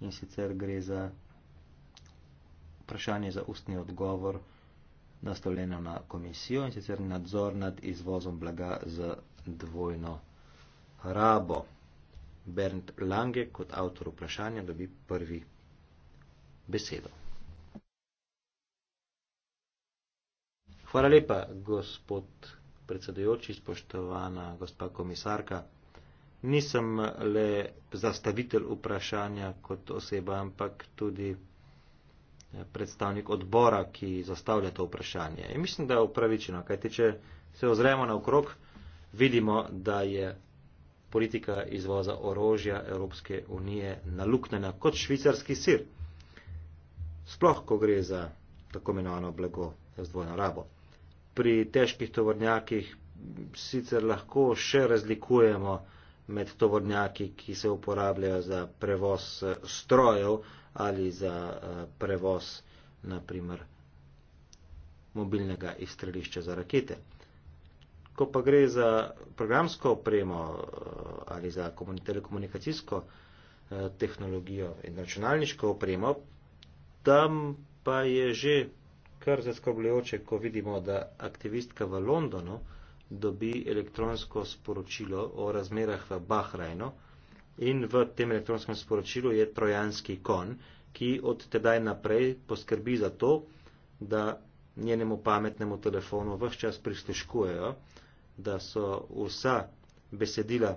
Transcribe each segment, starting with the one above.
in sicer gre za vprašanje za ustni odgovor nastavljeno na komisijo in sicer nadzor nad izvozom blaga z dvojno rabo. Bernd Lange kot avtor vprašanja dobi prvi besedo. Hvala lepa, gospod predsedujoči, spoštovana gospa komisarka nisem le zastavitelj vprašanja kot oseba, ampak tudi eh, predstavnik odbora, ki zastavlja to vprašanje. In mislim, da je upravičeno, kajti če se ozremo na okrog, vidimo, da je politika izvoza orožja Evropske unije naluknjena kot švicarski sir. Sploh, ko gre za tako imenovano blago z dvojno rabo. Pri težkih tovornjakih sicer lahko še razlikujemo, med tovornjaki, ki se uporabljajo za prevoz eh, strojev ali za eh, prevoz, naprimer, mobilnega izstrelišča za rakete. Ko pa gre za programsko opremo eh, ali za telekomunikacijsko tehnologijo in računalniško opremo, tam pa je že kar zaskrbljujoče, ko vidimo, da aktivistka v Londonu, dobi elektronsko sporočilo o razmerah v Bahrajnu in v tem elektronskem sporočilu je trojanski kon, ki od tedaj naprej poskrbi za to, da njenemu pametnemu telefonu vse čas prisluškujejo, da so vsa besedila,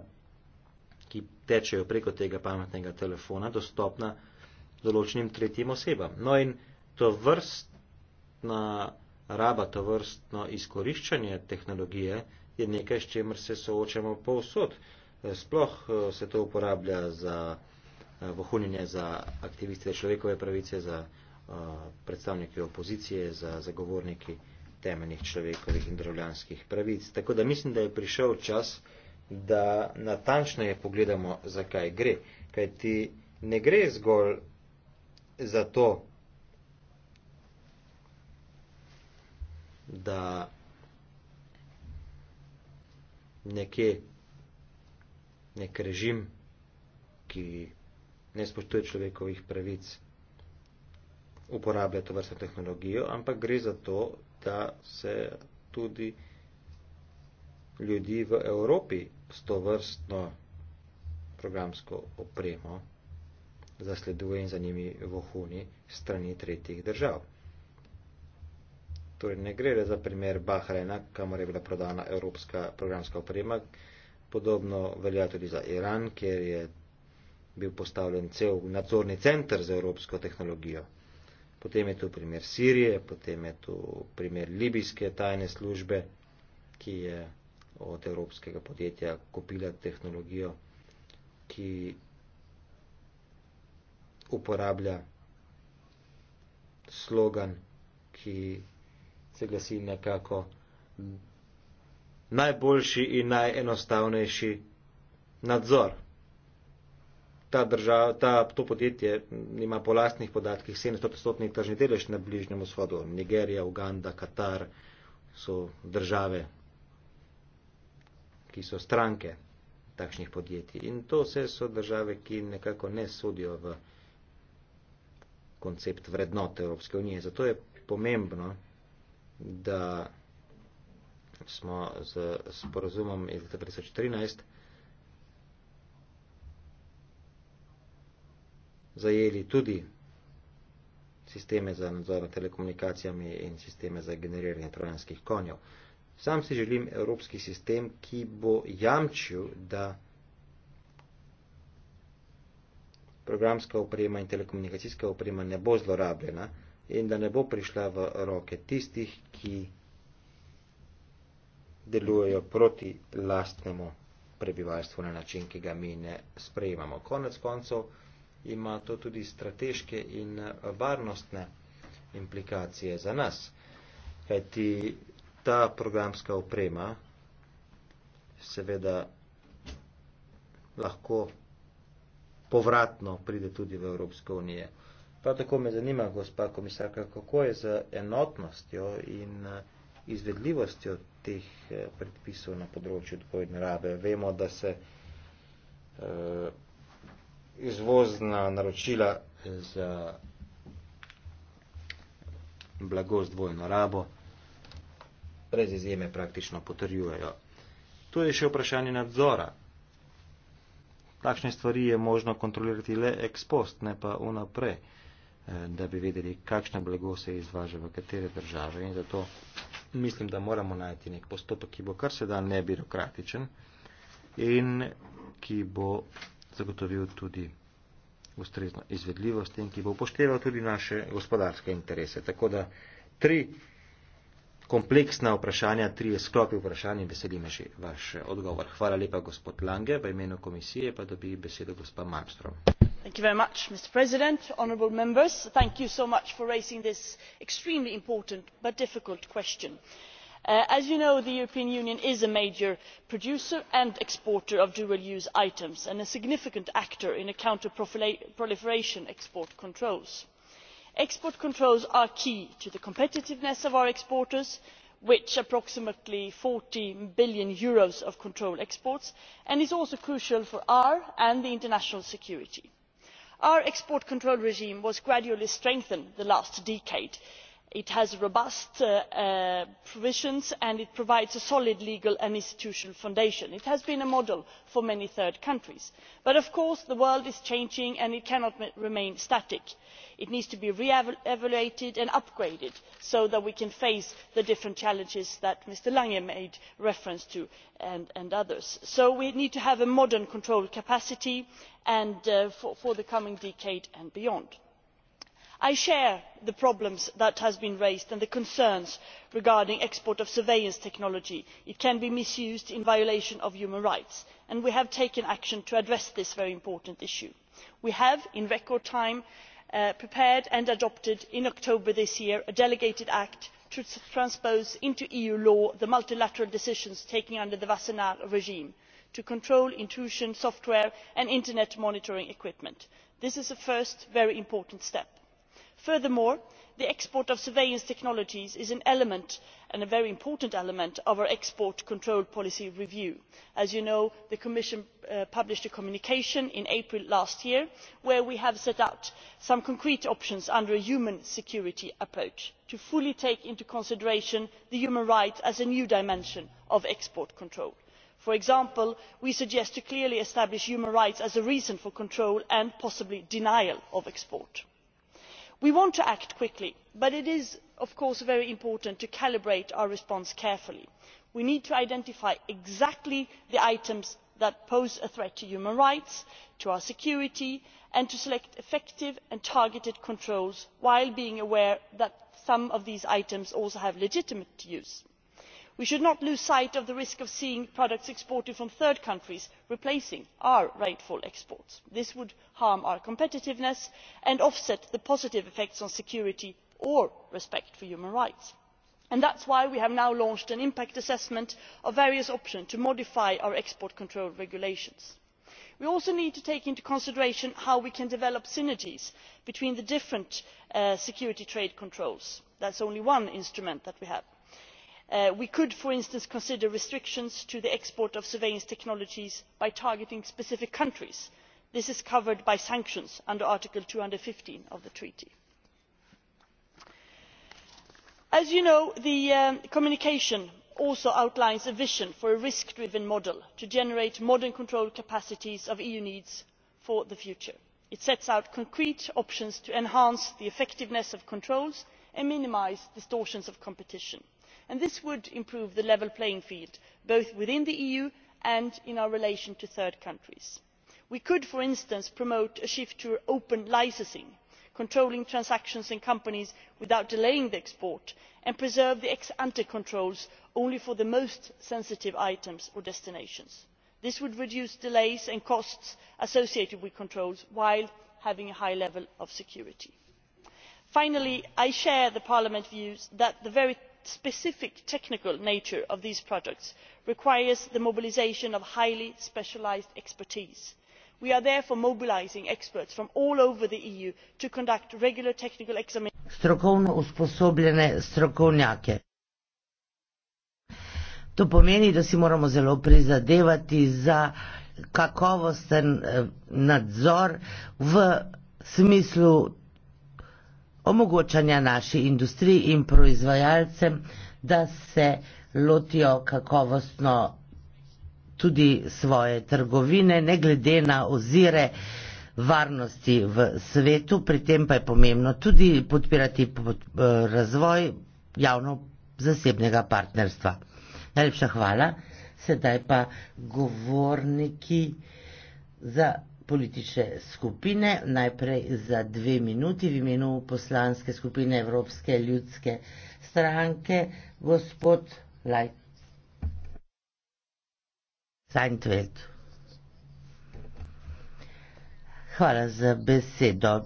ki tečejo preko tega pametnega telefona, dostopna določenim tretjim osebam. No in to vrstna raba to vrstno izkoriščanje tehnologije je nekaj, s čemer se soočamo povsod. Eh, sploh eh, se to uporablja za eh, vohunjenje za aktiviste človekove pravice, za predstavnike opozicije, za zagovorniki temeljnih človekovih in državljanskih pravic. Tako da mislim, da je prišel čas, da natančno je pogledamo, zakaj gre. Kaj ti ne gre zgolj za to, da nekje nek režim, ki ne spoštuje človekovih pravic, uporablja to vrstno tehnologijo, ampak gre za to, da se tudi ljudi v Evropi s to vrstno programsko opremo zasleduje in za njimi vohuni strani tretjih držav. Torej ne gre le za primer Bahrajna, kamor je bila prodana evropska programska oprema. Podobno velja tudi za Iran, kjer je bil postavljen cel nadzorni center za evropsko tehnologijo. Potem je tu primer Sirije, potem je tu primer libijske tajne službe, ki je od evropskega podjetja kupila tehnologijo, ki uporablja slogan, ki se glasi nekako najboljši in najenostavnejši nadzor. Ta držav, ta, to podjetje ima po lastnih podatkih 700-stotni tržni delež na Bližnjem vzhodu. Nigerija, Uganda, Katar so države, ki so stranke takšnih podjetij. In to vse so države, ki nekako ne sodijo v koncept vrednote Evropske unije. Zato je pomembno, da smo z sporozumom iz 2013 zajeli tudi sisteme za nadzor nad telekomunikacijami in sisteme za generiranje trojanskih konjev. Sam si želim evropski sistem, ki bo jamčil, da programska oprema in telekomunikacijska oprema ne bo zlorabljena, in da ne bo prišla v roke tistih, ki delujejo proti lastnemu prebivalstvu na način, ki ga mi ne sprejemamo. Konec koncev ima to tudi strateške in varnostne implikacije za nas, kajti ta programska oprema seveda lahko povratno pride tudi v Evropsko unijo. Prav tako me zanima, gospa komisarka, kako je z enotnostjo in eh, izvedljivostjo teh eh, predpisov na področju odpovedne rabe. Vemo, da se eh, izvozna naročila za blago z dvojno rabo brez izjeme praktično potrjujejo. Tu je še vprašanje nadzora. Takšne stvari je možno kontrolirati le ex post, ne pa unaprej. Eh, da bi vedeli, kakšno blago se izvaža v katere države in zato mislim, da moramo najti nek postopek, ki bo kar se da nebirokratičen in ki bo zagotovil tudi ustrezno izvedljivost in ki bo upošteval tudi naše gospodarske interese. Tako da tri kompleksna vprašanja, tri sklopi vprašanj in veseli me že vaš odgovor. Hvala lepa gospod Lange, v imenu komisije pa dobi besedo gospa Malmstrom mr president honourable members thank you so much for raising this extremely important but difficult question. Uh, as you know the european union is a major producer and exporter of dual use items and a significant actor in counter proliferation export controls. export controls are key to the competitiveness of our exporters which approximately eur forty billion of controlled exports and are also crucial for our and international security our export control regime was gradually strengthened over the last decade it has robust uh, uh, provisions and it provides a solid legal and institutional foundation. it has been a model for many third countries but of course the world is changing and it cannot remain static. it needs to be re evaluated and upgraded so that we can face the different challenges that mr lange made reference to and others. so we need to have a modern control capacity uh, for the coming decade and beyond i share the problems that have been raised and the concerns regarding the export of surveillance technology it can be misused in violation of human rights and we have taken action to address this very important issue. we have in record time uh, prepared and adopted in october this year a delegated act to transpose into eu law the multilateral decisions taken under the wassenaar regime to control intrusion software and internet monitoring equipment. this is a first very important step furthermore the export of surveillance technologies is an element and a very important element of our export control policy review. as you know the commission uh, published a communication in april last year where we have set out some concrete options under a human security approach to fully take into consideration human rights as a new dimension of export control. for example we suggest clearly establishing human rights as a reason for control and possibly denial of export we want to act quickly but it is of course very important to calibrate our response carefully. we need to identify exactly the items that pose a threat to human rights to our security and to select effective and targeted controls while being aware that some of these items also have legitimate use we should not lose sight of the risk of seeing products exported from third countries replacing our rightful exports. this would harm our competitiveness and offset the positive effects on security or respect for human rights. that is why we have now launched an impact assessment of various options to modify our export control regulations. we also need to take into consideration how we can develop synergies between the different uh, security trade controls that is only one instrument that Uh, we could for instance consider restrictions to the export of surveillance technologies by targeting specific countries. this is covered by sanctions under article two hundred and fifteen of the treaty. as you know the um, communication also outlines a vision for a risk driven model to generate modern control capacities of eu needs for the future. it sets out concrete options to enhance the effectiveness of controls and minimise distortions of competition and this would improve the level playing field both within the eu and in our relations with third countries. we could for instance promote a shift to open licensing controlling transactions and companies without delaying the export and preserve the ex ante controls only for the most sensitive items or destinations. this would reduce delays and costs associated with controls while having a high level of security. finally i share parliament's view that the specific technical nature of these projects requires the mobilisation of highly specialised expertise. we are therefore mobilising experts from all over the eu to conduct regular technical examinations. To pomeni, da si moramo zelo prizadevati za kakovosten eh, nadzor v smislu omogočanja naši industriji in proizvajalcem, da se lotijo kakovostno tudi svoje trgovine, ne glede na ozire varnosti v svetu, pri tem pa je pomembno tudi podpirati eh, razvoj javno-zasebnega partnerstva. Najlepša hvala. Sedaj pa govorniki za politične skupine, najprej za dve minuti v imenu poslanske skupine Evropske ljudske stranke, gospod Lajk. Seinfeld. Hvala za besedo.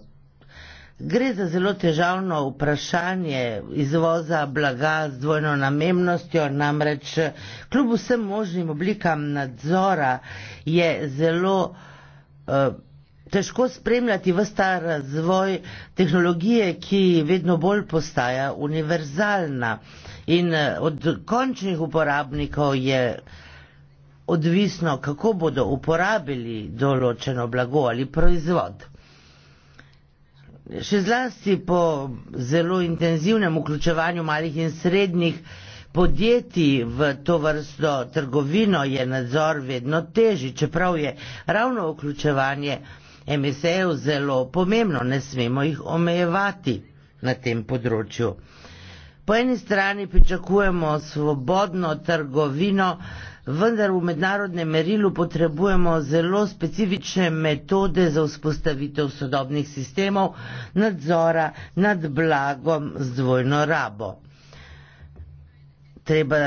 Gre za zelo težavno vprašanje izvoza blaga z dvojno namennostjo, namreč kljub vsem možnim oblikam nadzora je zelo Eh, težko spremljati v star razvoj tehnologije, ki vedno bolj postaja univerzalna in eh, od končnih uporabnikov je odvisno, kako bodo uporabili določeno blago ali proizvod. Še zlasti po zelo intenzivnem vključevanju malih in srednjih podjetij v to vrsto trgovino je nadzor vedno teži, čeprav je ravno vključevanje MSE-jev zelo pomembno, ne smemo jih omejevati na tem področju. Po eni strani pričakujemo svobodno trgovino, vendar v mednarodnem merilu potrebujemo zelo specifične metode za vzpostavitev sodobnih sistemov nadzora nad blagom z dvojno rabo treba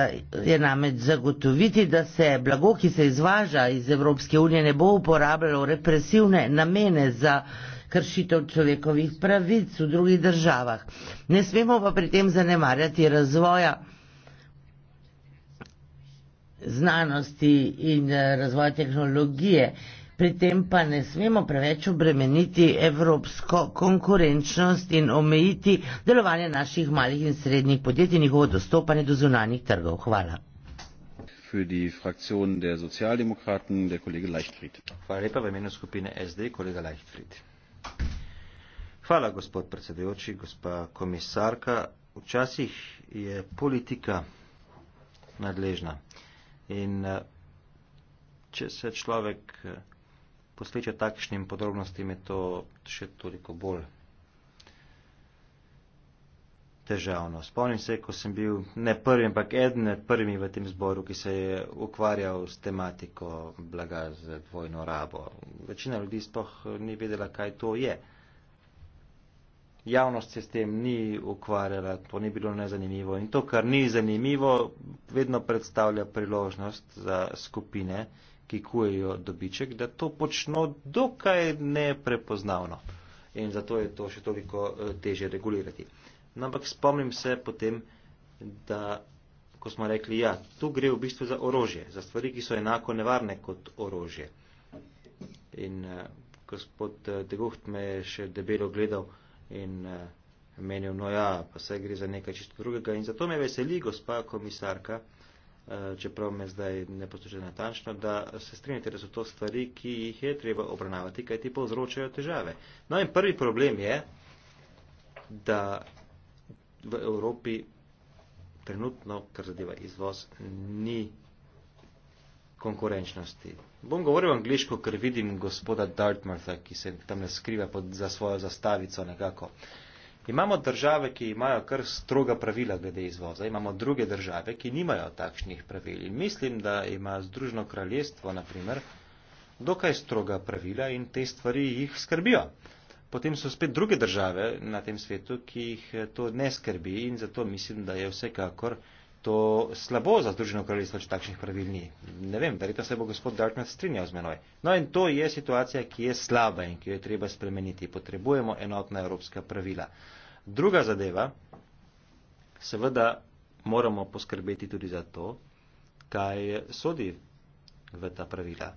je namreč zagotoviti, da se blago, ki se izvaža iz Evropske unije, ne bo uporabljalo represivne namene za kršitev človekovih pravic v drugih državah. Ne smemo pa pri tem zanemarjati razvoja znanosti in eh, razvoja tehnologije, pri tem pa ne smemo preveč obremeniti evropsko konkurenčnost in omejiti delovanje naših malih in srednjih podjetij in njihovo dostopanje do zunanjih trgov. Hvala. Für die Fraktion der Sozialdemokraten der Kollege Leichtfried. Hvala lepa v imenu skupine SD, kolega Leichtfried. Hvala, gospod predsedujoči, gospa komisarka. Včasih je politika nadležna in eh, če se človek eh, posveča takšnim podrobnostim, je to še toliko bolj težavno. Spomnim se, ko sem bil ne prvi, ampak eden od prvih v tem zboru, ki se je ukvarjal s tematiko blaga za dvojno rabo. Večina ljudi spoh ni vedela, kaj to je javnost se s tem ni ukvarjala, to ni bilo nezanimivo. In to, kar ni zanimivo, vedno predstavlja priložnost za skupine, ki kujejo dobiček, da to počno dokaj neprepoznavno. In zato je to še toliko eh, teže regulirati. No, ampak spomnim se potem, da ko smo rekli, ja, tu gre v bistvu za orožje, za stvari, ki so enako nevarne kot orožje. In eh, gospod eh, Deguht me je še debelo gledal, uh, in uh, menil, no ja, pa se gre za nekaj čisto drugega. In zato me veseli, gospa komisarka, uh, čeprav me zdaj ne posluša natančno, da se strinjate, da so to stvari, ki jih je treba obravnavati, kaj ti povzročajo težave. No in prvi problem je, da v Evropi trenutno, kar zadeva izvoz, ni konkurenčnosti. Bom govoril angliško, ker vidim gospoda Dartmouth-a, ki se tam ne skriva pod, za svojo zastavico nekako. Imamo države, ki imajo kar stroga pravila glede izvoza, imamo druge države, ki nimajo takšnih pravil. Mislim, da ima Združno kraljestvo, naprimer, dokaj stroga pravila in te stvari jih skrbijo. Potem so spet druge države na tem svetu, ki jih to ne skrbi in zato mislim, da je vsekakor to slabo za združeno kraljestvo, če takšnih pravil ni. Ne vem, verjetno se bo gospod Darkman strinjal z menoj. No in to je situacija, ki je slaba in ki jo je treba spremeniti. Potrebujemo enotna evropska pravila. Druga zadeva, seveda moramo poskrbeti tudi za to, kaj sodi v ta pravila.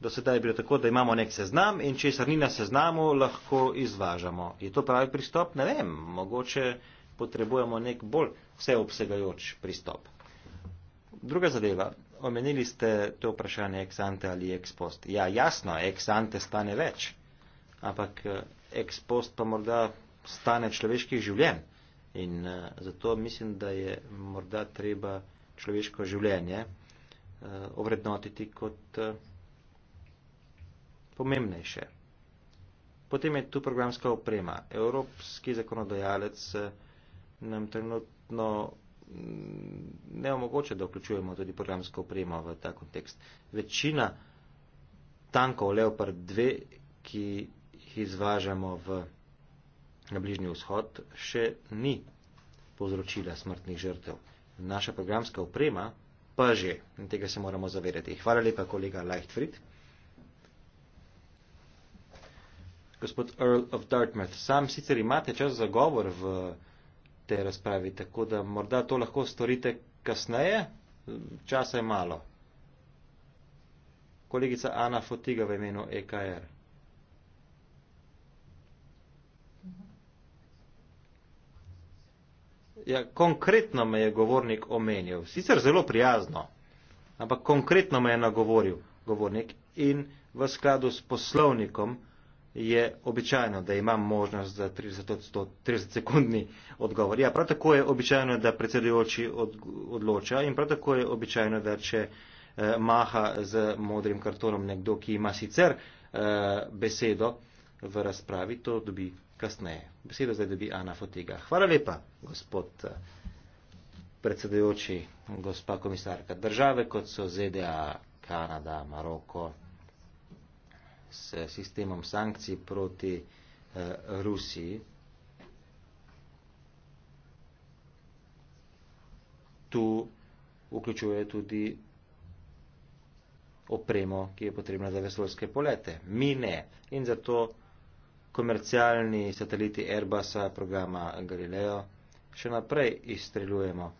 Do sedaj je bilo tako, da imamo nek seznam in če je srnina seznamu, lahko izvažamo. Je to pravi pristop? Ne vem, mogoče potrebujemo nek bolj vseobsegajoč pristop. Druga zadeva, omenili ste to vprašanje ex ante ali ex post. Ja, jasno, ex ante stane več, ampak eh, ex post pa morda stane človeških življenj. In eh, zato mislim, da je morda treba človeško življenje eh, ovrednotiti kot pomembnejše. Potem je tu programska oprema. Evropski zakonodajalec nam trenutno mm, ne omogoča, da vključujemo tudi programsko opremo v ta kontekst. Večina tankov Leopard 2, ki jih izvažamo v, na Bližnji vzhod, še ni povzročila smrtnih žrtev. Naša programska oprema pa že in tega se moramo zavedati. Hvala lepa, kolega Leichtfried. Gospod Earl of Dartmouth, sam sicer imate čas za govor v tej razpravi. Tako da morda to lahko storite kasneje, časa je malo. Kolegica Ana Fotiga v imenu EKR. Ja, konkretno me je govornik omenil, sicer zelo prijazno, ampak konkretno me je nagovoril govornik in v skladu s poslovnikom je običajno, da imam možnost za 30 sekundni odgovor. Ja, prav tako je običajno, da predsedujoči od, odloča in prav tako je običajno, da če eh, maha z modrim kartonom nekdo, ki ima sicer eh, besedo v razpravi, to dobi kasneje. Besedo zdaj dobi Ana Fotiga. Hvala lepa, gospod predsedujoči, gospa komisarka države, kot so ZDA, Kanada, Maroko s sistemom sankcij proti eh, Rusiji. Tu vključuje tudi opremo, ki je potrebna za vesoljske polete. Mi ne. In zato komercialni sateliti Airbusa, programa Galileo, še naprej izstreljujemo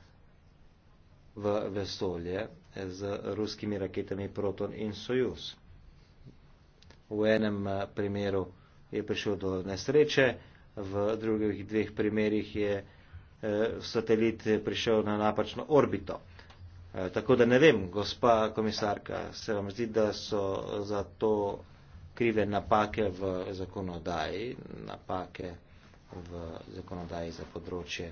v vesolje z ruskimi raketami Proton in Sojus v enem eh, primeru je prišel do nesreče, v drugih dveh primerjih je eh, satelit prišel na napačno orbito. Eh, tako da ne vem, gospa komisarka, se vam zdi, da so za to krive napake v zakonodaji, napake v zakonodaji za področje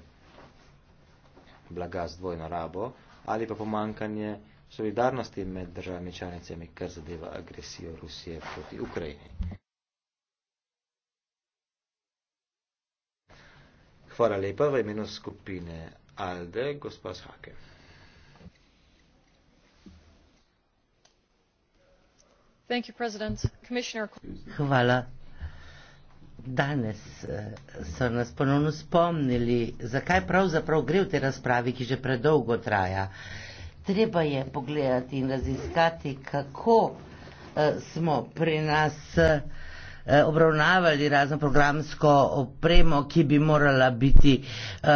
blaga z dvojno rabo ali pa pomankanje solidarnosti med državami članicami, kar zadeva agresijo Rusije proti Ukrajini. Hvala lepa v imenu skupine ALDE, gospod Shake. Thank you, President. Commissioner... Hvala. Danes eh, so nas ponovno spomnili, zakaj pravzaprav gre v tej razpravi, ki že predolgo traja treba je pogledati in raziskati, kako uh, smo pri nas uh, obravnavali razno programsko opremo, ki bi morala biti uh,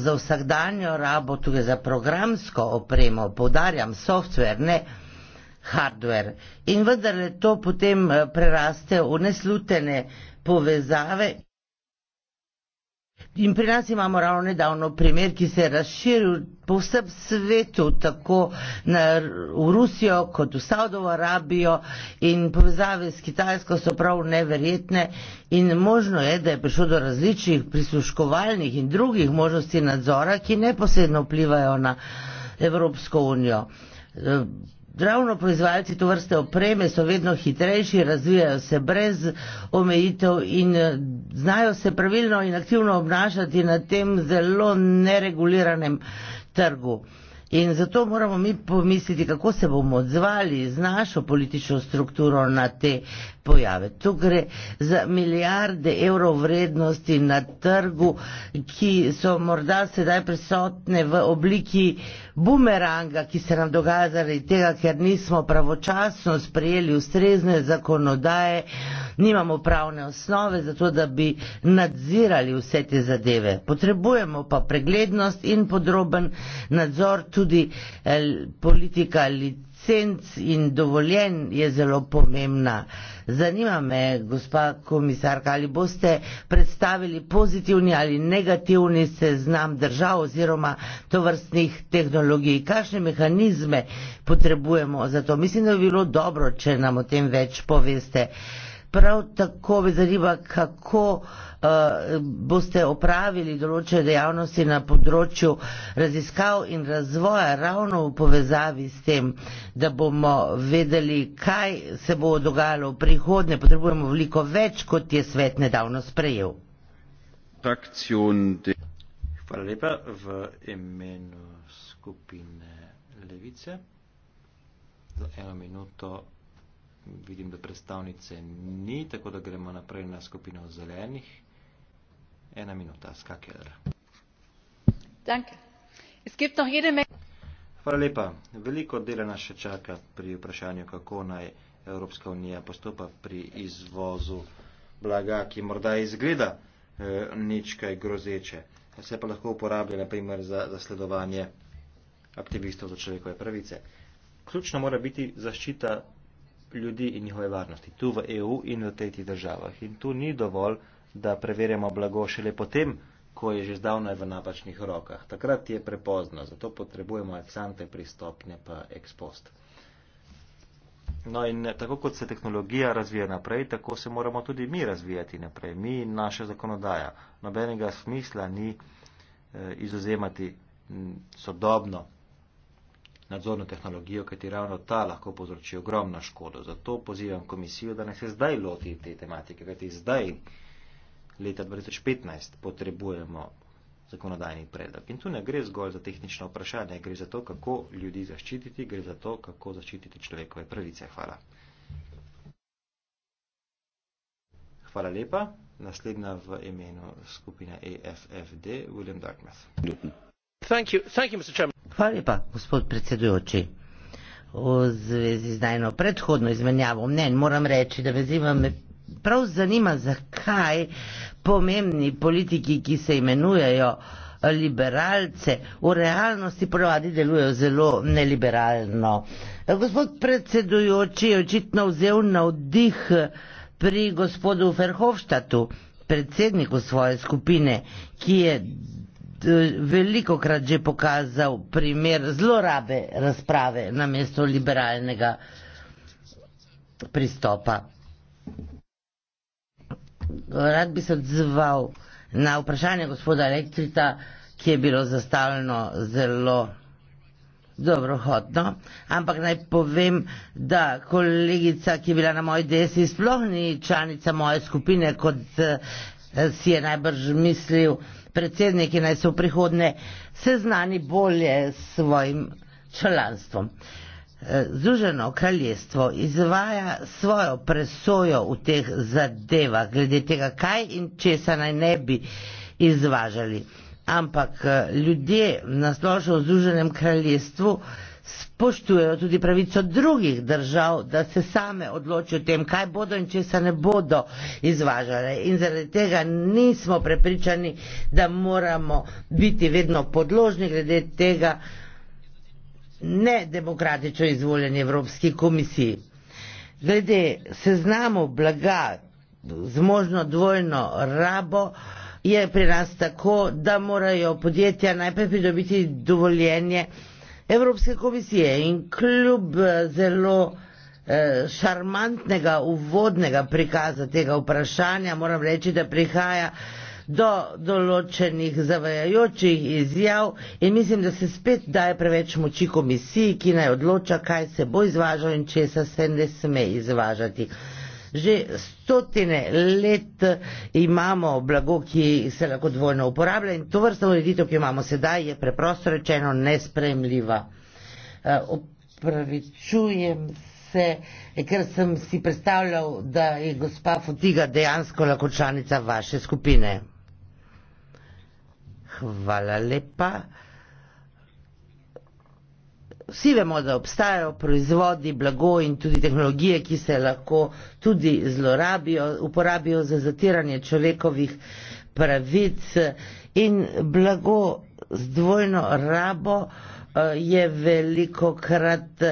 za vsakdanjo rabo, tudi za programsko opremo, povdarjam, softver, ne hardware. In vendar to potem preraste v neslutene povezave. In pri nas imamo ravno nedavno primer, ki se je razširil po vsem svetu, tako na, v Rusijo kot v Saudovo Arabijo in povezave s Kitajsko so prav neverjetne in možno je, da je prišlo do različnih prisluškovalnih in drugih možnosti nadzora, ki neposredno vplivajo na Evropsko unijo. E, Ravno proizvajalci to vrste opreme so vedno hitrejši, razvijajo se brez omejitev in eh, znajo se pravilno in aktivno obnašati na tem zelo nereguliranem trgu. In zato moramo mi pomisliti, kako se bomo odzvali z našo politično strukturo na te pojave. Tu gre za milijarde evrov vrednosti na trgu, ki so morda sedaj prisotne v obliki bumeranga, ki se nam dogaja zaradi tega, ker nismo pravočasno sprejeli ustrezne zakonodaje, nimamo pravne osnove za to, da bi nadzirali vse te zadeve. Potrebujemo pa preglednost in podroben nadzor tudi eh, politika. Lit senc in dovoljen je zelo pomembna. Zanima me, gospa komisarka, ali boste predstavili pozitivni ali negativni seznam držav oziroma tovrstnih tehnologij. Kakšne mehanizme potrebujemo za to? Mislim, da bi bilo dobro, če nam o tem več poveste. Uh, Prav tako me zanima, kako uh, boste opravili določene dejavnosti na področju raziskav in razvoja ravno v povezavi s tem, da bomo vedeli, kaj se bo dogajalo v prihodnje. Potrebujemo veliko več, kot je svet nedavno sprejel. Hvala lepa v imenu skupine Levice. Za eno minuto Vidim, da predstavnice ni, tako da gremo naprej na skupino zelenih. Ena minuta, skakeler. Hvala lepa. Veliko dela nas še čaka pri vprašanju, kako naj Evropska unija postopa pri izvozu blaga, ki morda izgleda e, nič kaj grozeče. Vse pa lahko uporablja, na primer, za zasledovanje aktivistov za človekove pravice. Ključno mora biti zaščita ljudi in njihove varnosti, tu v EU in v tretjih državah. In tu ni dovolj, da preverjamo blago šele potem, ko je že zdavnaj v napačnih rokah. Takrat je prepozno, zato potrebujemo eksante pristopne pa ekspost. No in tako kot se tehnologija razvija naprej, tako se moramo tudi mi razvijati naprej, mi in naša zakonodaja. Nobenega smisla ni eh, izuzemati sodobno nadzorno tehnologijo, kajti ravno ta lahko povzroči ogromno škodo. Zato pozivam komisijo, da naj se zdaj loti te tematike, kajti zdaj, leta 2015, potrebujemo zakonodajni predlog. In tu ne gre zgolj za tehnično vprašanje, gre za to, kako ljudi zaščititi, gre za to, kako zaščititi človekove pravice. Hvala. Hvala lepa. Naslednja v imenu skupine AFFD, e William Dartmouth. Thank you. Thank you, Mr. Chairman. Hvala lepa, gospod predsedujoči. V zvezi z najno predhodno izmenjavo mnen moram reči, da me zima me prav zanima, zakaj pomembni politiki, ki se imenujejo eh, liberalce, v realnosti ponovadi delujejo zelo neliberalno. Eh, gospod predsedujoči je očitno vzel na vdih eh, pri gospodu Ferhovštatu, predsedniku svoje skupine, ki je Eh, veliko krat že pokazal primer zlorabe razprave na mesto liberalnega pristopa. Rad bi se odzval na vprašanje gospoda Elektrita, ki je bilo zastavljeno zelo dobrohodno, ampak naj povem, da kolegica, ki je bila na moji desi, sploh ni članica moje skupine, kot eh, si je najbrž mislil, predsedniki naj se v prihodnje seznani bolje s svojim članstvom. Eh, Združeno kraljestvo izvaja svojo presojo v teh zadevah, glede tega, kaj in česa naj ne bi izvažali. Ampak eh, ljudje na splošno v Združenem kraljestvu spoštujejo tudi pravico drugih držav, da se same odločijo o tem, kaj bodo in če se ne bodo izvažale. In zaradi tega nismo prepričani, da moramo biti vedno podložni glede tega nedemokratično izvoljeni Evropski komisiji. Glede seznamu blaga z možno dvojno rabo je pri nas tako, da morajo podjetja najprej pridobiti dovoljenje, Evropske komisije in kljub eh, zelo eh, šarmantnega uvodnega prikaza tega vprašanja, moram reči, da prihaja do določenih zavajajočih izjav in mislim, da se spet daje preveč moči komisiji, ki naj odloča, kaj se bo izvažal in česa se ne sme izvažati že stotine let imamo blago, ki se lahko dvojno uporablja in to vrsta ureditev, ki jo imamo sedaj, je preprosto rečeno nespremljiva. Eh, opravičujem se, ker sem si predstavljal, da je gospa Futiga dejansko lahko članica vaše skupine. Hvala lepa. Vsi vemo, da obstajajo proizvodi, blago in tudi tehnologije, ki se lahko tudi zlorabijo, uporabijo za zatiranje človekovih pravic in blago z dvojno rabo eh, je veliko krat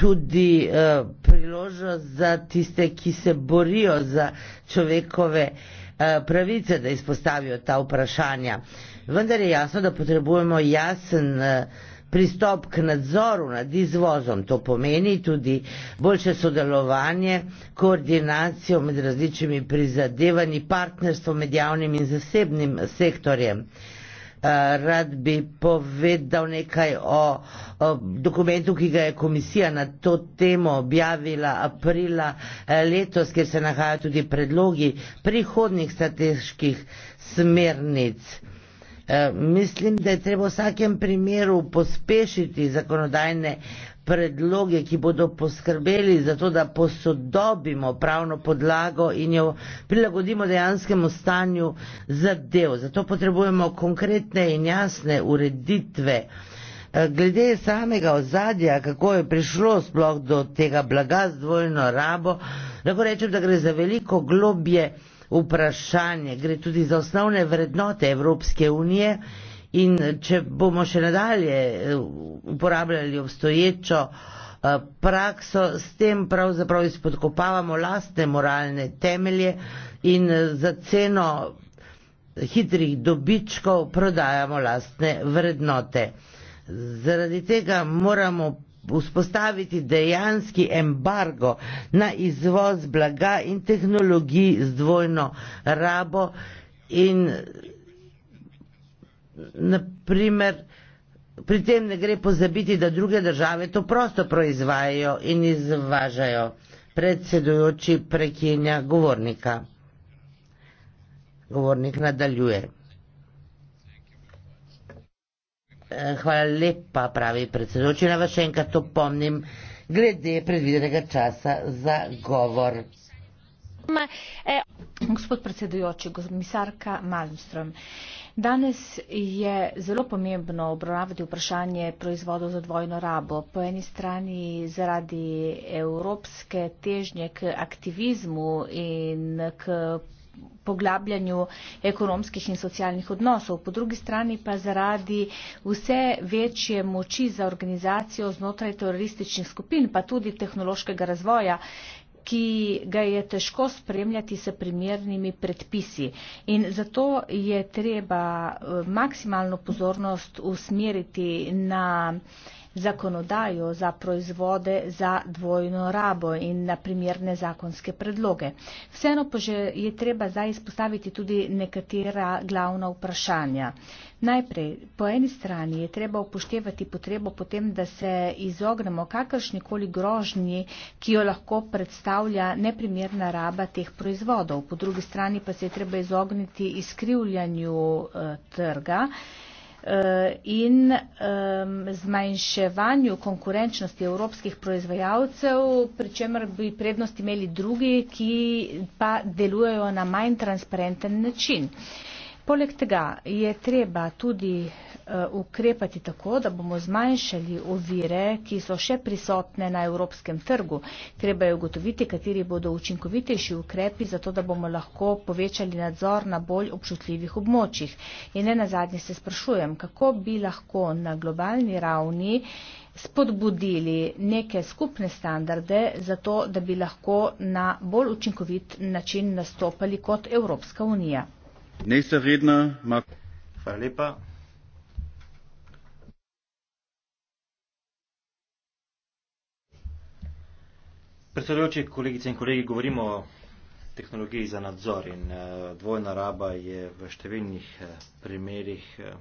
tudi eh, priložnost za tiste, ki se borijo za človekove eh, pravice, da izpostavijo ta vprašanja. Vendar je jasno, da potrebujemo jasen pristop k nadzoru nad izvozom, to pomeni tudi boljše sodelovanje, koordinacijo med različnimi prizadevanji, partnerstvo med javnim in zasebnim sektorjem. Eh, rad bi povedal nekaj o, o dokumentu, ki ga je komisija na to temo objavila aprila eh, letos, kjer se nahajajo tudi predlogi prihodnih strateških smernic. Eh, mislim, da je treba v vsakem primeru pospešiti zakonodajne predloge, ki bodo poskrbeli za to, da posodobimo pravno podlago in jo prilagodimo dejanskemu stanju zadev. Zato potrebujemo konkretne in jasne ureditve. Eh, glede samega ozadja, kako je prišlo sploh do tega blaga z dvojno rabo, lahko rečem, da gre za veliko globje vprašanje, gre tudi za osnovne vrednote Evropske unije in če bomo še nadalje eh, uporabljali obstoječo eh, prakso, s tem pravzaprav izpodkopavamo lastne moralne temelje in eh, za ceno hitrih dobičkov prodajamo lastne vrednote. Zaradi tega moramo vzpostaviti dejanski embargo na izvoz blaga in tehnologij z dvojno rabo in naprimer pri tem ne gre pozabiti, da druge države to prosto proizvajajo in izvažajo. Predsedujoči prekinja govornika. Govornik nadaljuje. Eh, hvala lepa, pravi predsedoči. Na vas še enkrat opomnim, glede predvidenega časa za govor. Gospod predsedujoči, komisarka Malmström, danes je zelo pomembno obravnavati vprašanje proizvodov za dvojno rabo. Po eni strani zaradi evropske težnje k aktivizmu in k poglabljanju ekonomskih in socialnih odnosov. Po drugi strani pa zaradi vse večje moči za organizacijo znotraj terorističnih skupin, pa tudi tehnološkega razvoja, ki ga je težko spremljati s primernimi predpisi. In zato je treba eh, maksimalno pozornost usmeriti na zakonodajo za proizvode za dvojno rabo in na primerne zakonske predloge. Vseeno pa že je treba zdaj izpostaviti tudi nekatera glavna vprašanja. Najprej, po eni strani je treba upoštevati potrebo potem, da se izognemo kakršnikoli grožnji, ki jo lahko predstavlja neprimerna raba teh proizvodov. Po drugi strani pa se je treba izogniti izkrivljanju eh, trga. Eh, in um, zmanjševanju konkurenčnosti evropskih proizvajalcev, pri čemer bi prednost imeli drugi, ki pa delujejo na manj transparenten način. Poleg tega je treba tudi Eh, ukrepati tako, da bomo zmanjšali ovire, ki so še prisotne na evropskem trgu. Treba je ugotoviti, kateri bodo učinkovitejši ukrepi, zato da bomo lahko povečali nadzor na bolj občutljivih območjih. In ne na zadnje se sprašujem, kako bi lahko na globalni ravni spodbudili neke skupne standarde za to, da bi lahko na bolj učinkovit način nastopali kot Evropska unija. Hvala lepa. Predstavljajoči kolegice in kolegi, govorimo o tehnologiji za nadzor in eh, dvojna raba je v številnih eh, primerih eh,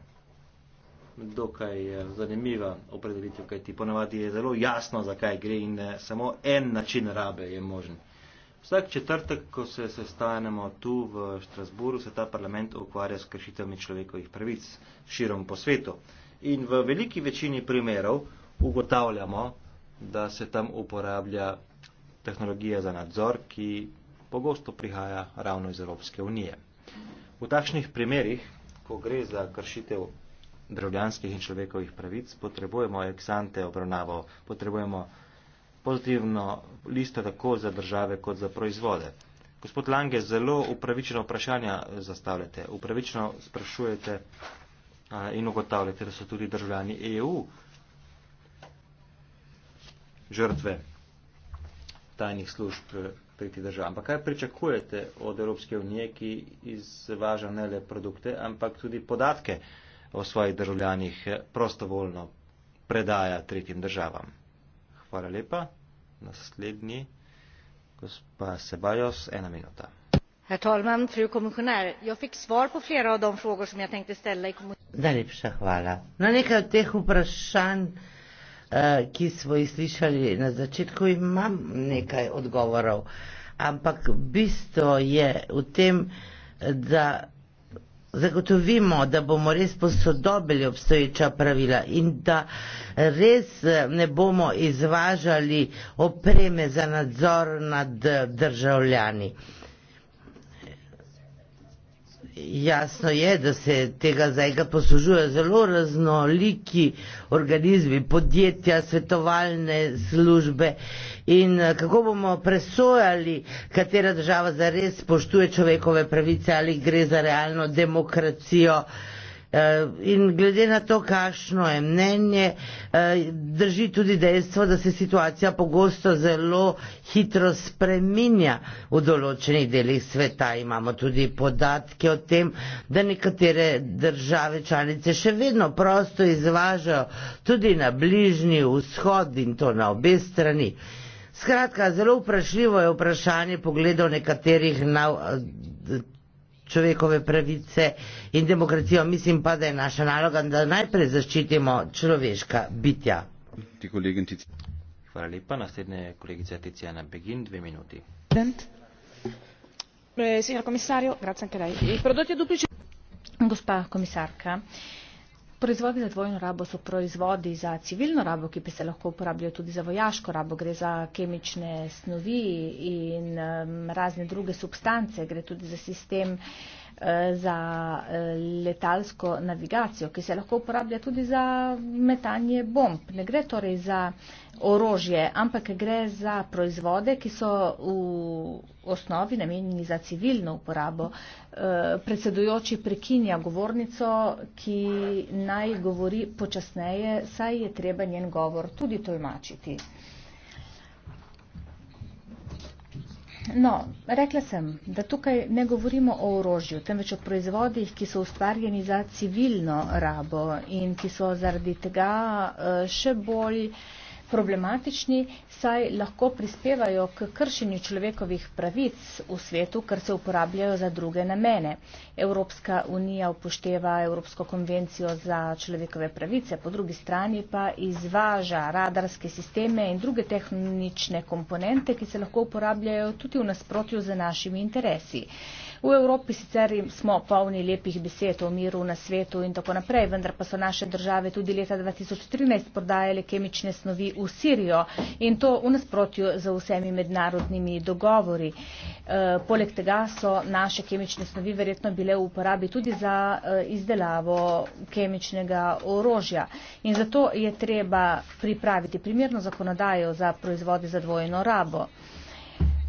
dokaj zanimiva opredelitev, kaj ti ponavadi je zelo jasno, zakaj gre in samo en način rabe je možen. Vsak četrtek, ko se sestanemo tu v Štrasburu, se ta parlament ukvarja s kršitvami človekovih pravic širom po svetu. In v veliki večini primerov ugotavljamo, da se tam uporablja tehnologija za nadzor, ki pogosto prihaja ravno iz Evropske unije. V takšnih primerih, ko gre za kršitev državljanskih in človekovih pravic, potrebujemo eksante obravnavo, potrebujemo pozitivno listo tako za države kot za proizvode. Gospod Lange, zelo upravičeno vprašanja zastavljate, upravičeno sprašujete in ugotavljate, da so tudi državljani EU žrtve tajnih služb pri eh, tih državah. Ampak kaj pričakujete od Evropske unije, ki izvaža ne le produkte, ampak tudi podatke o svojih državljanih eh, prostovoljno predaja tretjim državam? Hvala lepa. Naslednji, gospa Sebajos, ena minuta. Herr Tolman, fru komisionär, jag fick svar på flera av de frågor som jag tänkte ställa i kommissionen. Najlepša hvala. Na nekaj od teh vprašanj. Eh, ki smo jih slišali na začetku, imam nekaj odgovorov. Ampak bistvo je v tem, da zagotovimo, da bomo res posodobili obstoječa pravila in da res ne bomo izvažali opreme za nadzor nad državljani. Uh, Jasno je, da se tega zdaj poslužuje zelo raznoliki organizmi, podjetja, svetovalne službe in eh, kako bomo presojali, katera država zares spoštuje človekove pravice ali gre za realno demokracijo. Uh, Eh, in glede na to, kakšno je mnenje, eh, drži tudi dejstvo, da se situacija pogosto zelo hitro spreminja v določenih delih sveta. Imamo tudi podatke o tem, da nekatere države članice še vedno prosto izvažajo tudi na bližnji vzhod in to na obe strani. Skratka, zelo vprašljivo je vprašanje pogledov nekaterih na človekove pravice in demokracijo, mislim pa, da je naša naloga, da najprej zaščitimo človeška bitja. Hvala lepa. Naslednja je kolegica Ticijana Begin, dve minuti. Eh, Gospa komisarka. Proizvodi za dvojno rabo so proizvodi za civilno rabo, ki pa se lahko uporabljajo tudi za vojaško rabo. Gre za kemične snovi in um, razne druge substance, gre tudi za sistem uh, Eh, za eh, letalsko navigacijo, ki se lahko uporablja tudi za metanje bomb. Ne gre torej za orožje, ampak gre za proizvode, ki so v osnovi namenjeni za civilno uporabo. Eh, predsedujoči prekinja govornico, ki naj govori počasneje, saj je treba njen govor tudi tolmačiti. No, rekla sem, da tukaj ne govorimo o orožju, temveč o proizvodih, ki so ustvarjeni za civilno rabo in ki so zaradi tega eh, še bolj uh, problematični, saj lahko prispevajo k kršenju človekovih pravic v svetu, ker se uporabljajo za druge namene. Evropska unija upošteva Evropsko konvencijo za človekove pravice, po drugi strani pa izvaža radarske sisteme in druge tehnične komponente, ki se lahko uporabljajo tudi v nasprotju z našimi interesi. V Evropi sicer smo polni lepih besed o miru na svetu in tako naprej, vendar pa so naše države tudi leta 2013 prodajale kemične snovi v Sirijo in to v nasprotju z vsemi mednarodnimi dogovori. E, poleg tega so naše kemične snovi verjetno bile v uporabi tudi za e, izdelavo kemičnega orožja. In zato je treba pripraviti primerno zakonodajo za proizvode za dvojeno rabo.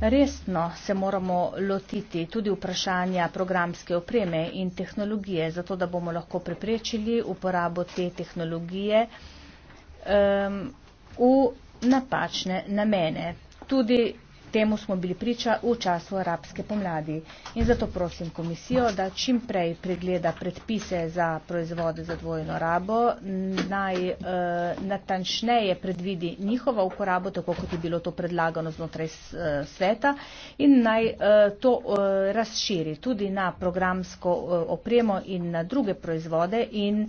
Resno se moramo lotiti tudi vprašanja programske opreme in tehnologije, zato da bomo lahko preprečili uporabo te tehnologije um, v napačne namene. Tudi temu smo bili priča v času arabske pomladi. In zato prosim komisijo, da čim prej pregleda predpise za proizvode za dvojno rabo, naj eh, natančneje predvidi njihovo uporabo, tako kot je bilo to predlagano znotraj eh, sveta in naj eh, to eh, razširi tudi na programsko eh, opremo in na druge proizvode in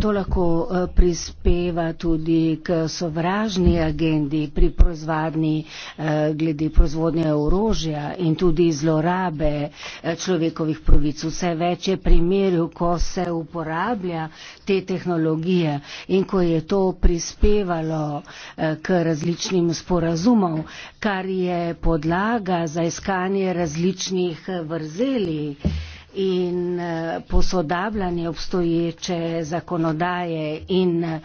To lahko eh, prispeva tudi k sovražni agendi pri proizvodni, eh, glede proizvodnje orožja in tudi zlorabe eh, človekovih pravic. Vse več je primerjev, ko se uporablja te tehnologije in ko je to prispevalo k različnim sporazumom, kar je podlaga za iskanje različnih vrzeli in eh, posodabljanje obstoječe zakonodaje in, eh,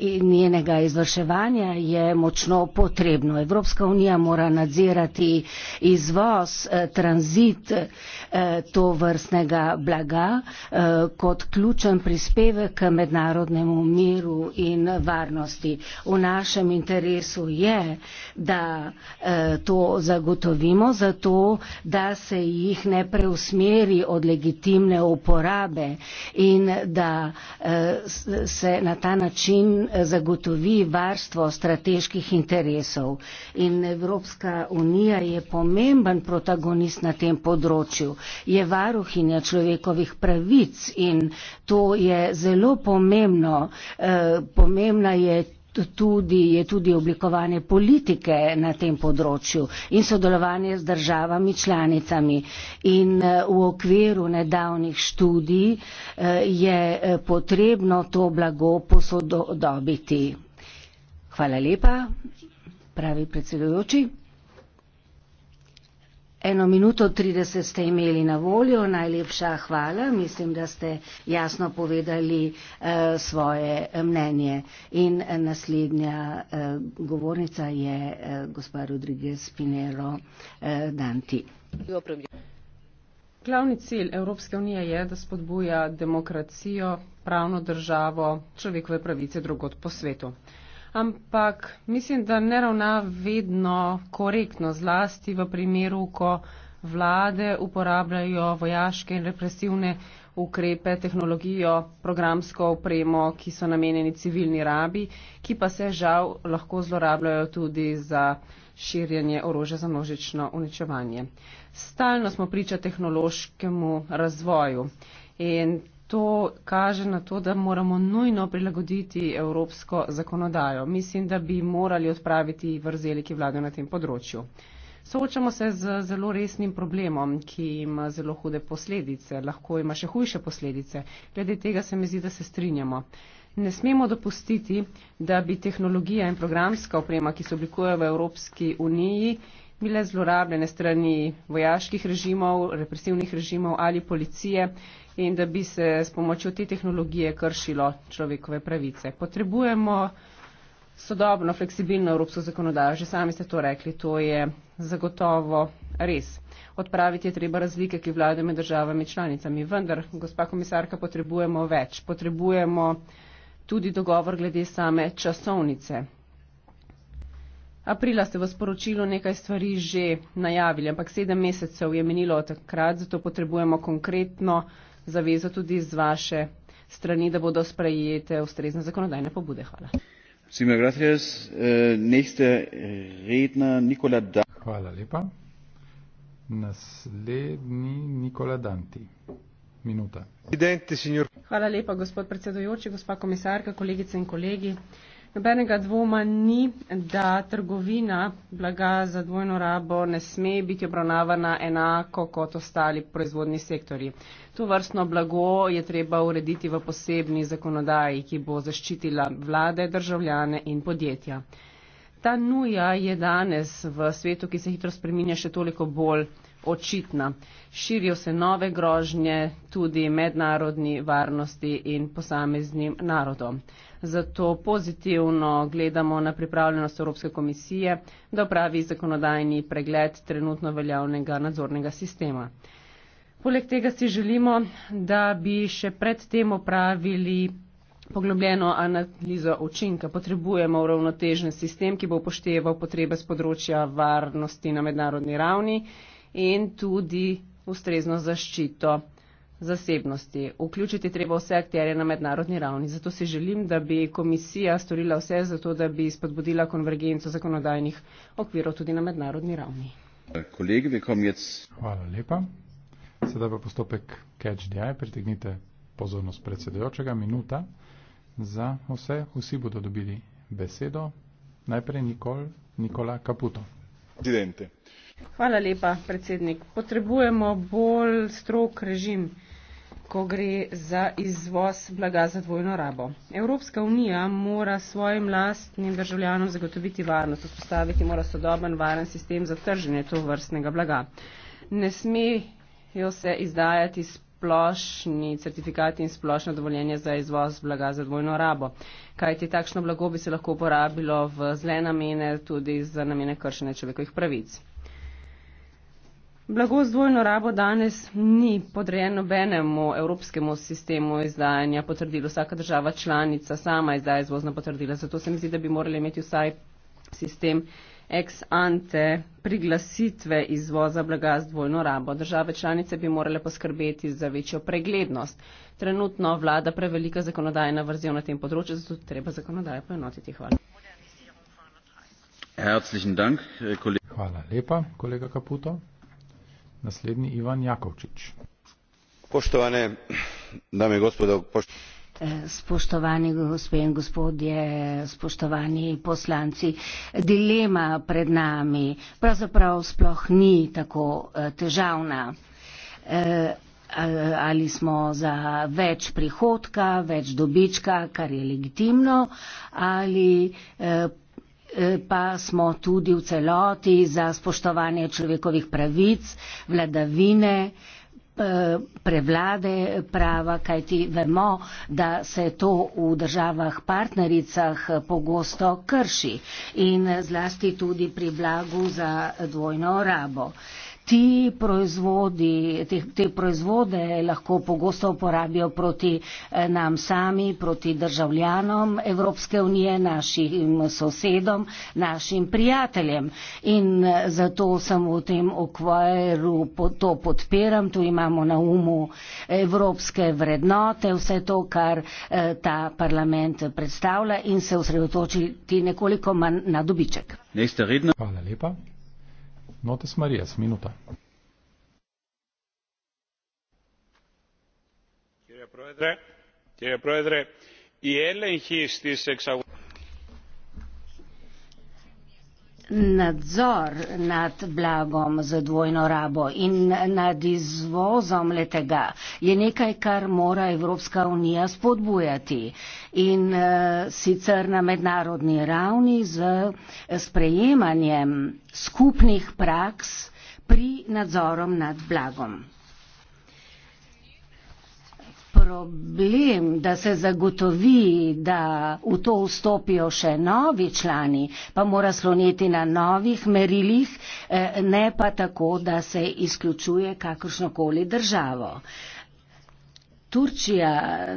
in njenega izvrševanja je močno potrebno. Evropska unija mora nadzirati izvoz, eh, tranzit to vrstnega blaga kot ključen prispevek k mednarodnemu miru in varnosti. V našem interesu je, da to zagotovimo, zato da se jih ne preusmeri od legitimne uporabe in da eh, se na ta način eh, zagotovi varstvo strateških interesov. In Evropska unija je pomemben protagonist na tem področju, je varuhinja človekovih pravic in to je zelo pomembno. Eh, pomembna je tudi, je tudi oblikovanje politike na tem področju in sodelovanje z državami članicami. In eh, v okviru nedavnih študij eh, je eh, potrebno to blago posodobiti. Hvala lepa, pravi predsedujoči. Eno minuto 30 ste imeli na voljo, najlepša hvala. Mislim, da ste jasno povedali uh, svoje eh, mnenje. In eh, naslednja uh, govornica je uh, gospod Rodriguez Pinero uh, Danti. Glavni cilj Evropske unije je, da spodbuja demokracijo, pravno državo, človekove pravice drugot po svetu. Uh, ampak mislim, da ne ravna vedno korektno, zlasti v primeru, ko vlade uporabljajo vojaške in represivne ukrepe, tehnologijo, programsko opremo, ki so namenjeni civilni rabi, ki pa se žal lahko zlorabljajo tudi za širjenje orožja za množično uničevanje. Stalno smo priča tehnološkemu razvoju in to kaže na to, da moramo nujno prilagoditi evropsko zakonodajo. Mislim, da bi morali odpraviti vrzeli, ki vladajo na tem področju. Soočamo se z zelo resnim problemom, ki ima zelo hude posledice, lahko ima še hujše posledice. Glede tega se mi zdi, da se strinjamo. Ne smemo dopustiti, da bi tehnologija in programska oprema, ki se oblikujejo v Evropski uniji, bile zlorabljene strani vojaških režimov, represivnih režimov ali policije, in da bi se s pomočjo te tehnologije kršilo človekove pravice. Potrebujemo sodobno, fleksibilno evropsko zakonodajo, že sami ste to rekli, to je zagotovo res. Odpraviti je treba razlike, ki vladajo med državami članicami, vendar, gospa komisarka, potrebujemo več. Potrebujemo tudi dogovor glede same časovnice. Aprila ste v sporočilu nekaj stvari že najavili, ampak sedem mesecev je menilo od takrat, zato potrebujemo konkretno zavezo tudi z vaše strani, da bodo sprejete ustrezne zakonodajne pobude. Hvala. Eh, eh, Hvala lepa. Naslednji Nikola Danti. Minuta. Hvala lepa, gospod predsedujoči, gospa komisarka, kolegice in kolegi. Nobenega dvoma ni, da trgovina blaga za dvojno rabo ne sme biti obravnavana enako kot ostali proizvodni sektori. Tu vrstno blago je treba urediti v posebni zakonodaji, ki bo zaščitila vlade, državljane in podjetja. Ta nuja je danes v svetu, ki se hitro spreminja, še toliko bolj očitna. Širijo se nove grožnje tudi mednarodni varnosti in posameznim narodom. Zato pozitivno gledamo na pripravljenost Evropske komisije, da pravi zakonodajni pregled trenutno veljavnega nadzornega sistema. Poleg tega si želimo, da bi še predtem opravili poglobljeno analizo učinka. Potrebujemo uravnotežen sistem, ki bo upošteval potrebe z področja varnosti na mednarodni ravni in tudi ustrezno zaščito zasebnosti. Vključiti treba vse akterje na mednarodni ravni. Zato si želim, da bi komisija storila vse za to, da bi spodbudila konvergenco zakonodajnih okvirov tudi na mednarodni ravni. Kolegi, bi komjec. Hvala lepa. Sedaj pa postopek catch the eye. Pritegnite pozornost predsedojočega. Minuta za vse. Vsi bodo dobili besedo. Najprej Nikol, Nikola Kaputo potrebujemo bolj strog režim ko gre za izvoz blaga za dvojno rabo. Evropska unija mora svojim lastnim državljanom zagotoviti varnost, vzpostaviti mora sodoben varen sistem za trženje to vrstnega blaga. Ne smejo se izdajati s splošni certifikat in splošno dovoljenje za izvoz blaga za dvojno rabo. Kaj ti takšno blago bi se lahko uporabilo v zle namene, tudi za namene kršene človekovih pravic? Blago z dvojno rabo danes ni podrejeno benemu evropskemu sistemu izdajanja potrdil. Vsaka država članica sama izdaja izvozna potrdila. Zato se mi zdi, da bi morali imeti vsaj sistem ex ante priglasitve izvoza blaga z dvojno rabo. Države članice bi morale poskrbeti za večjo preglednost. Trenutno vlada prevelika zakonodajna vrzel na tem področju, zato treba zakonodajo poenotiti. Hvala. Eh, Hvala lepa, kolega Kaputo. Naslednji Ivan Jakovčič. Poštovane dame in gospodo, poštovane. Spoštovani gospe in gospodje, spoštovani poslanci, dilema pred nami pravzaprav sploh ni tako eh, težavna. Eh, ali smo za več prihodka, več dobička, kar je legitimno, ali eh, pa smo tudi v celoti za spoštovanje človekovih pravic, vladavine, Eh, prevlade prava, kajti vemo, da se to v državah partnericah eh, pogosto krši in zlasti tudi pri blagu za dvojno rabo ti proizvodi, te, te proizvode lahko pogosto uporabijo proti eh, nam sami, proti državljanom Evropske unije, našim sosedom, našim prijateljem. In eh, zato sem v tem okvaru to podpiram, tu imamo na umu evropske vrednote, vse to, kar eh, ta parlament predstavlja in se osredotočiti nekoliko manj na dobiček. Hvala lepa. Notas Marijas, minutą. Panie prezydencie, panie prezydencie, i LNG z tych eksaurów nadzor nad blagom za dvojno rabo in nad izvozom letega je nekaj, kar mora Evropska unija spodbujati in uh, sicer na mednarodni ravni z sprejemanjem skupnih praks pri nadzorom nad blagom problem, da se zagotovi, da v to vstopijo še novi člani, pa mora sloniti na novih merilih, eh, ne pa tako, da se izključuje kakršnokoli državo. Turčija,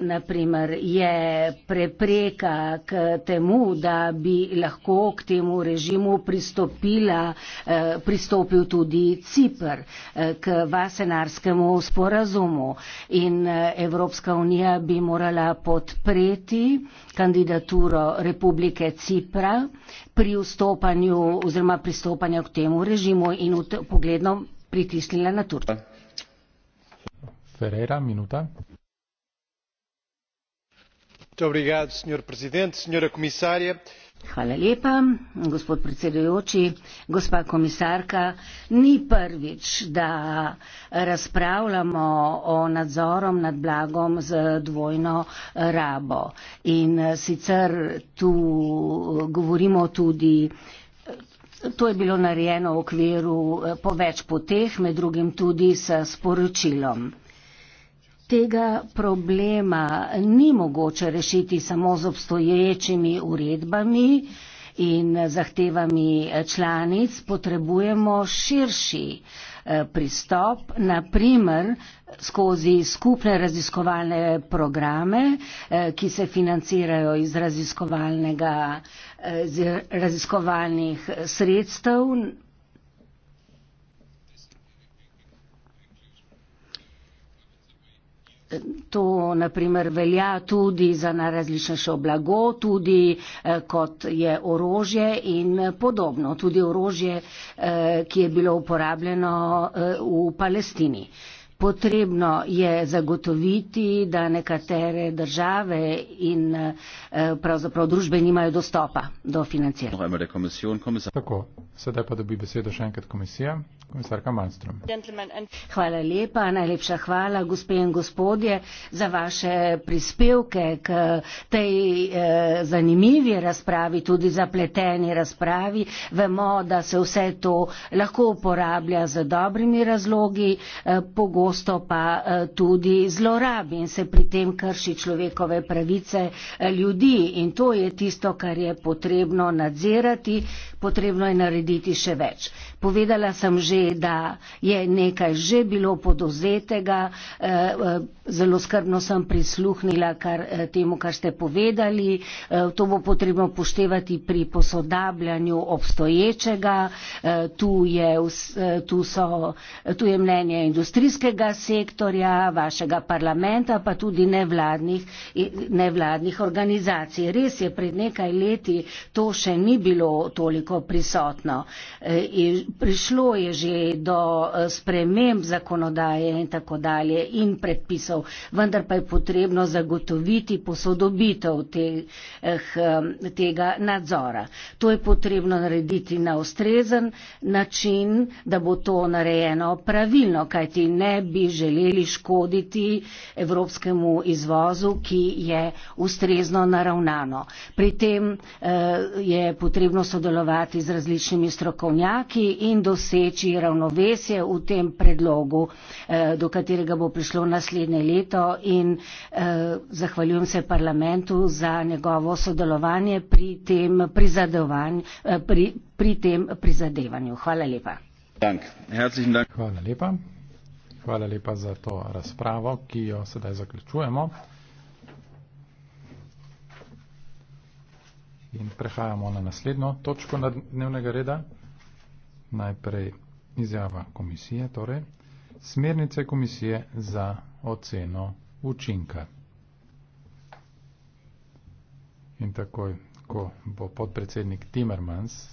na primer, je prepreka k temu, da bi lahko k temu režimu pristopila, eh, pristopil tudi Cipr eh, k vasenarskemu sporazumu in eh, Evropska unija bi morala podpreti kandidaturo Republike Cipra pri vstopanju oziroma pristopanju k temu režimu in pogledno pritisnila na Turčijo. Ferreira, minuta gospod predsedujoči gospa komisarka ni prvič da razpravljamo o nadzoru nad blagom z dvojno rabo in eh, sicer tu eh, govorimo tudi eh, to je bilo narejeno v okviru po več poteh med drugim tudi s sporočilom tega problema ni mogoče rešiti samo z obstoječimi uredbami in zahtevami članic, potrebujemo širši eh, pristop, naprimer skozi skupne raziskovalne programe, eh, ki se financirajo iz eh, raziskovalnih sredstev, To naprimer velja tudi za najrazličnejše blago, tudi eh, kot je orožje in podobno. Tudi orožje, eh, ki je bilo uporabljeno eh, v Palestini. Potrebno je zagotoviti, da nekatere države in pravzaprav družbe nimajo dostopa do financiranja. Tako, sedaj pa dobi besedo še enkrat komisija. Hvala lepa, najlepša hvala, gospe in gospodje, za vaše prispevke k tej eh, zanimivi razpravi, tudi zapleteni razpravi. Vemo, da se vse to lahko uporablja z dobrimi razlogi, eh, pogosto pa eh, tudi zlorabi in se pri tem krši človekove pravice eh, ljudi. In to je tisto, kar je potrebno nadzirati, potrebno je narediti še več. Povedala sem že, da je nekaj že bilo podozetega. Eh, eh, zelo skrbno sem prisluhnila kar, eh, temu, kar ste povedali. To bo potrebno poštevati pri posodabljanju obstoječega. Tu je, tu so, tu je mnenje industrijskega sektorja, vašega parlamenta, pa tudi nevladnih, nevladnih organizacij. Res je, pred nekaj leti to še ni bilo toliko prisotno prišlo je že do eh, sprememb zakonodaje in tako dalje in predpisov, vendar pa je potrebno zagotoviti posodobitev teh, tega nadzora. To je potrebno narediti na ustrezen način, da bo to narejeno pravilno, kajti ne bi želeli škoditi evropskemu izvozu, ki je ustrezno naravnano. Pri tem eh, je potrebno sodelovati z različnimi strokovnjaki in doseči ravnovesje v tem predlogu, eh, do katerega bo prišlo naslednje leto in eh, zahvaljujem se parlamentu za njegovo sodelovanje pri tem, eh, pri, pri tem prizadevanju. Hvala lepa. Hvala lepa. Hvala lepa za to razpravo, ki jo sedaj zaključujemo. In prehajamo na naslednjo točko dnevnega reda najprej izjava komisije, torej smernice komisije za oceno učinka. In takoj, ko bo podpredsednik Timmermans